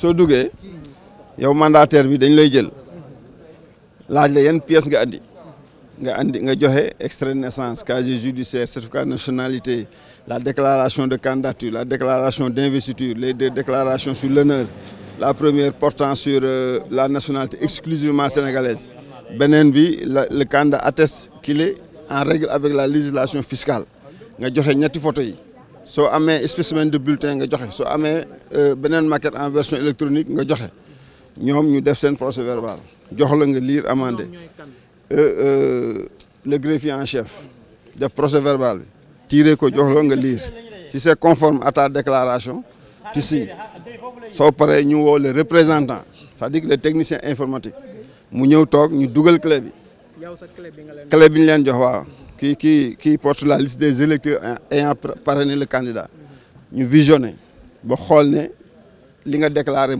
soo il yow mandataire bi dañ lay jël la une pièce nga andi nga andi nga joxe extrait de naissance casier judiciaire certificat de nationalité la déclaration de candidature la déclaration d'investiture les deux déclarations sur l'honneur la première portant sur euh, la nationalité exclusivement sénégalaise Benenbi, le candidat atteste qu'il est en règle avec la législation fiscale nga joxe ñetti photo So, amé spécimen de bulletin nga joxé So, amé euh, benen maquette en version électronique nga joxé ñom ñu def sen procès verbal jox la nga lire amendé euh, euh, le greffier en chef def procès verbal tirer ko jox la nga lire si c'est conforme à ta déclaration tu signes So, paré ñu woo le représentant c'est-à-dire le technicien informatique, mu ñew tok ñu duggal clé bi clé bi ñu len jox waaw qui, porte la liste des électeurs ayant parrainé le candidat. Nous visionnons, nous regardons ce que déclaré,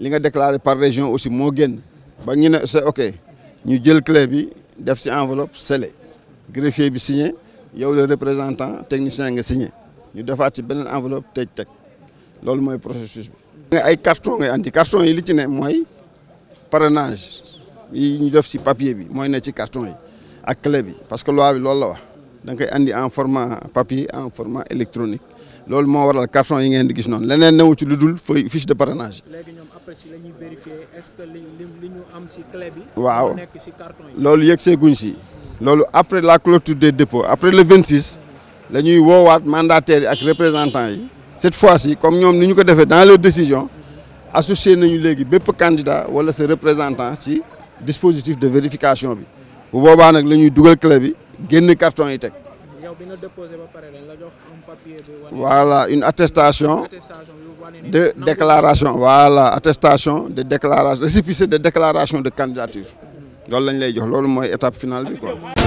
ce déclaré par région aussi, c'est OK. Nous avons clé, nous une enveloppe le greffier a signé yow le représentant technicien a signé Nous avons enveloppe processus carton carton papier ak clé parce que loi bi loolu la en format papier en format électronique loolu moo waral carton yi ngeen di gis noonu leneen newu ci lu fiche de parrainage. Wow. L'ol après si la vérifier est-ce que clé bi. après la clôture des dépôts après le 26 les ñuy woowaat mandataires yi ak représentants cette fois-ci comme nous ni fait ko dans leur décision associer nañu les bépp candidat wala ses représentants ci dispositif de vérification bu boobaa nag la ñuy dugal clé bi génn carton yi un papier de. voilà une attestation. de déclaration voilà attestation de déclaration récépissé de déclaration de candidature. C'est lañ lay jox finale bi quoi.